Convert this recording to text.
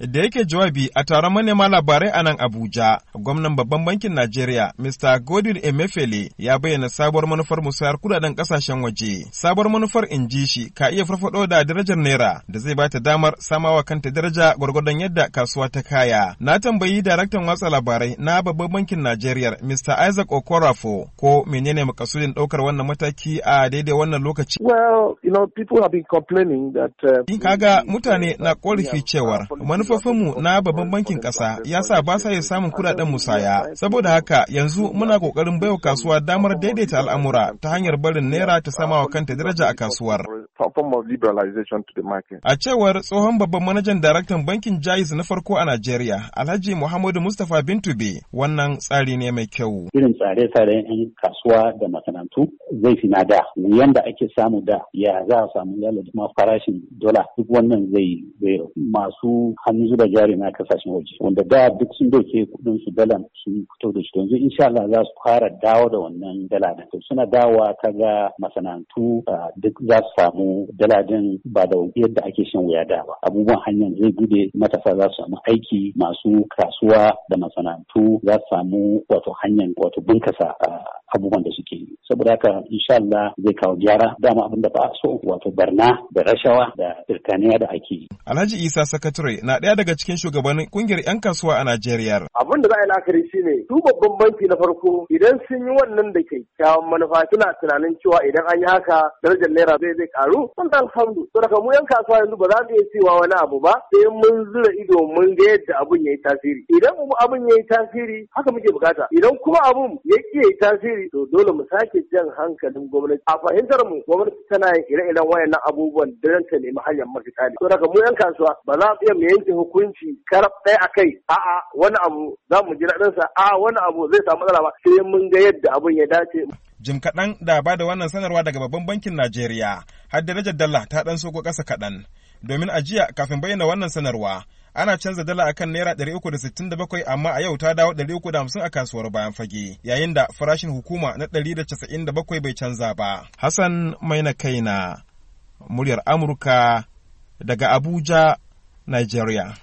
Da yake jawabi a taron manema labarai a nan Abuja, gwamnan babban bankin Najeriya, Mr. Godwin emefele ya bayyana sabuwar manufar musayar kudaden kasashen waje. Sabuwar manufar in ji shi ka iya farfado da darajar naira da zai bata damar samawa kanta daraja gwargwadon yadda kasuwa ta kaya. Na tambayi daraktan watsa labarai na babban bankin Najeriya, Mr. Isaac Okorafo, ko menene makasudin daukar wannan mataki a daidai wannan lokaci? Well, you know, people have been complaining that uh, kaga mutane na korafi cewar manufofinmu na babban bankin ƙasa ya sa ba sa iya samun kuɗaɗen musaya. Saboda haka yanzu muna ƙoƙarin baiwa kasuwa damar daidaita al'amura ta hanyar barin naira ta sama wa kanta daraja a kasuwar. form of liberalization to the market. A cewar tsohon babban manajan daraktan bankin Jais na farko a Najeriya, Alhaji Muhammadu Mustapha Bintube, wannan tsari ne mai kyau. Irin tsare-tsaren 'yan kasuwa da masana'antu zai fi na da. Wuyan da ake samu da ya za a samu yalo da farashin dola duk wannan zai masu hannu zuba jari na kasashen waje. Wanda da duk sun doke kudin su dalan sun fito da shi. Yanzu insha Allah za su fara dawo da wannan dala da suna ka kaga masana'antu ah, duk za su samu daladin ba da yadda ake shan wuya da ba abubuwan hanyar zai gude matasa za su samu aiki masu kasuwa da masana'antu za su samu wato hanyar wato bunkasa ah, abubuwan da suke yi saboda haka insha Allah zai kawo gyara dama abin da ba a so wato barna da rashawa da irkaniya da ake yi Alhaji Isa Sakature na ɗaya daga cikin shugabannin kungiyar 'yan kasuwa a Najeriya abin da za a yi la'akari shine su babban banki na farko idan sun yi wannan da ke. kyakkyawan manufa suna tunanin cewa idan an yi haka darajar naira zai zai karu sun da alhamdu to daga mu 'yan kasuwa yanzu ba za mu iya cewa wani abu ba sai mun zura ido mun ga yadda abun ya yi tasiri idan abin ya yi tasiri haka muke bukata idan kuma abun ya ƙi ya yi tasiri to dole mu sake jan hankalin gwamnati a fahimtar mu gwamnati tana yin ire-iren wayannan abubuwan don ta nemi hanyar mafita ne to daga mu yan kasuwa ba za mu iya mu yanke hukunci karab ɗaya a kai a'a wani abu za mu ji daɗinsa a wani abu zai samu matsala ba sai mun ga yadda abun ya dace jim kaɗan da ba da wannan sanarwa daga babban bankin Najeriya har darajar dalla ta ɗan soko ƙasa kaɗan. domin ajiya kafin bayyana wannan sanarwa ana canza dala akan naira 367 amma a yau ta dawo 350 a kasuwar bayan fage yayin da farashin hukuma na 197 bai canza ba hassan maina na muryar amurka daga abuja nigeria